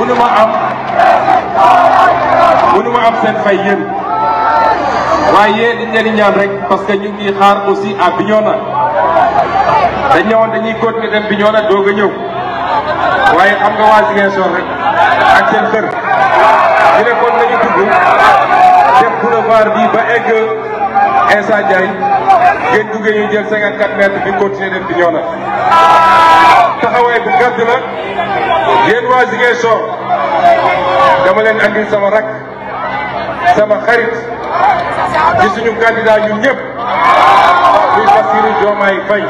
munu am munu am seen fay yéen waaye dañ leen ñaan rek parce que ñu ngi xaar aussi à Bignona dañ ñëwoon dañuy continuer dem Bignona doog a ñëw waaye xam nga waa Ziguinchor rek ak seen dër ñu ne kon nañu dugg def boulevard bi ba egg 54 dem taxawaay bu gàtt la yéen waa Ziguinchor dama leen andil sama rak sama xarit ci suñu candidat ñun ñëpp muy Bassirou Diomaye Faye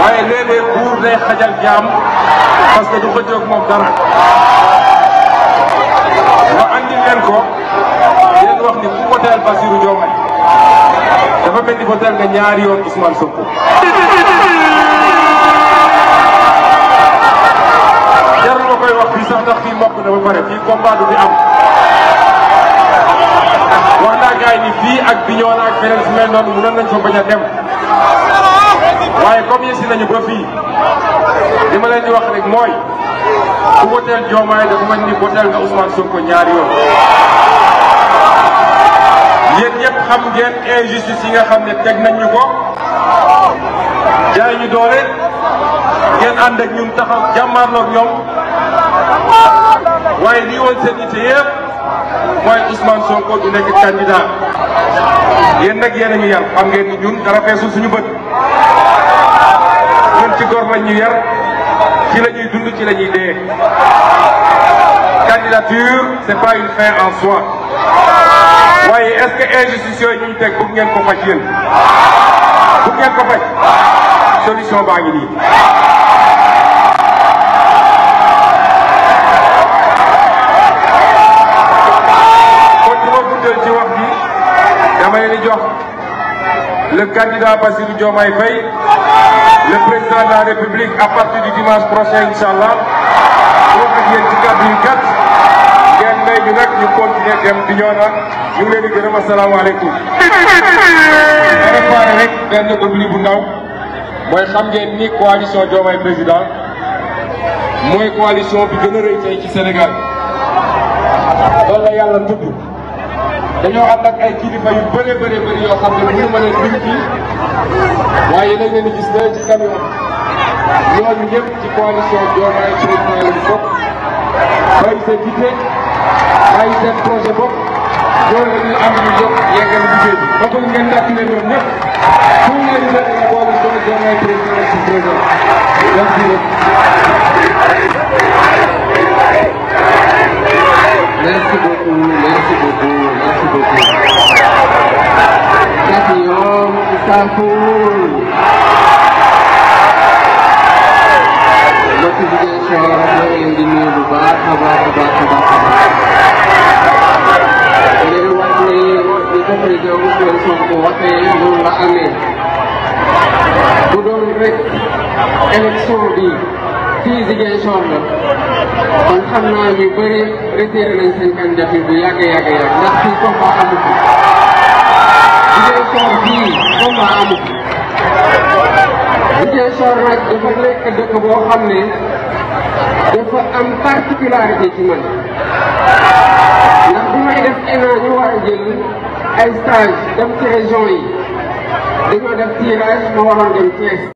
waaye léeg-léeg buur xajal jaam parce que du xëccoog moom dara ma andil leen ko leen wax ni ku voteel Bassirou Diomaye dafa mel ni voteel nga ñaari yoon Ousmane Sonko jarul ma koy wax fii sax ndax fii mokk na ba pare fii combat wax naa gars ni fii ak Bignona ak feneen su mel noonu mënoon nañ fa bañ a waaye comme yëg nañu ba fii li ma di wax rek mooy ku woteel Diomaye dafa mel ni woteel nga Ousmane Sonko ñaari yoon. yéen ñëpp xam ngeen injustice yi nga xam ne teg nañ ñu jaay ñu doole ngeen ànd ak ñun taxaw jàmmaarloog seen Ousmane Sonko du candidat yar xam ngeen ni ñun dara suñu ci gor lañ ñu yar ci lañuy dund ci lañuy ñuy candidature c'est pas une fin en soi waaye est-ce que injustice yooyu ñu teg bëgg ngeen ko faj yéen bëgg ngeen ko faj solution baa ngi nii kon du ci wax bi dama leen di jox le candidat Bassirou Diomaye Faye le président de la République à partir du dimanche prochain incha allah boo ko ci kàddu yu gàtt ngeen may ñu nag ñu continuer dem di ñëw nag ñu leen di gërëm bu ndaw mooy xam ngeen ni coalition Diomaye président mooy coalition bi gën a tey ci Sénégal loolu la yàlla tudd. dañoo ànd ak ay kilifa yu bëree bëri bëri yoo xam ne mënu ma leen lim fii waaye dañ leen di gis léegi ci camion ñooñu ñëpp ci coalition Diomaye Président lañ bokk bàyyi seen yitte bàyyi seen projet bopp loolu la ñuy am ñu jóg yeggal liggéey bi. ba bëgg ngeen jàppale ñoom ñëpp pour ngeen jëlee la coalition Diomaye Président lañ si président donc Liverpool. Notifikasi şehirlerinde endişe duvar, haber, haber, haber, haber. Benim vakti itu waktu yang dulu aneh. Budon rek elektrodi fizikation la kon xam naa ñu bëri retiré nañ seen candidat bi bu yàgg yàgg yàgg ndax fii combat Ziguinchor bii combat amu fi Ziguinchor nag dafa nekk dëkk boo xam ne dafa am particularité ci man ndax bu may def ENA ñu war a jël ay stage dem ci région yi dañoo def tirage ma waroon dem Thiès